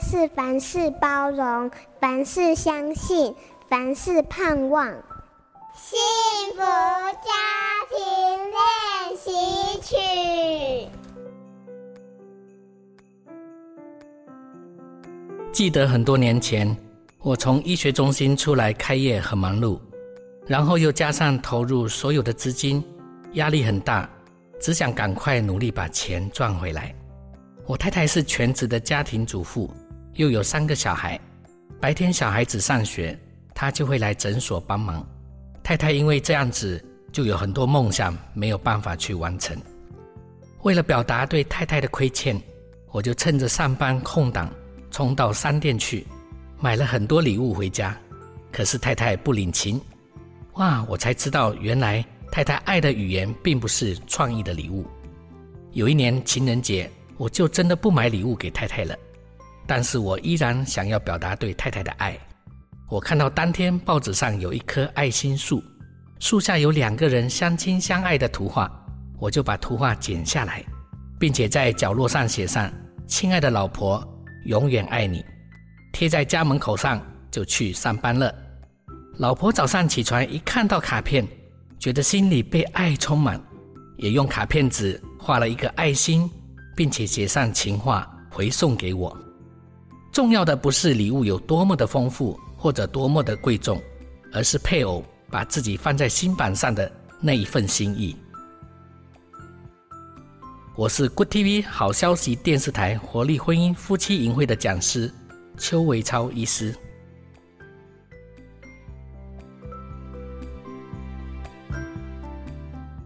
是凡事包容，凡事相信，凡事盼望。幸福家庭練習曲。記得很多年前，我從醫學中心出來開業，很忙碌，然後又加上投入所有的資金，壓力很大，只想趕快努力把錢賺回來。我太太是全職的家庭主婦。又有三個小孩，白天小孩子上學，他就會來診所幫忙。太太因為這樣子，就有很多夢想沒有辦法去完成。為了表達對太太的虧欠，我就趁着上班空檔衝到商店去，買了很多禮物回家。可是太太不領情，哇！我才知道原來太太愛的語言並不是創意的禮物。有一年情人節，我就真的不買禮物給太太了。但是我依然想要表達對太太的愛。我看到當天報紙上有一棵愛心樹，樹下有兩個人相親相愛的圖畫，我就把圖畫剪下來，並且在角落上寫上“親愛的老婆，永遠愛你”，貼在家門口上，就去上班了。老婆早上起床一看到卡片，覺得心裡被愛充滿，也用卡片紙畫了一個愛心，並且寫上情話回送給我。重要的不是禮物有多麼的豐富或者多麼的貴重，而是配偶把自己放在心板上的那一份心意。我是 Good TV 好消息電視台活力婚姻夫妻營會的講師邱維超醫師。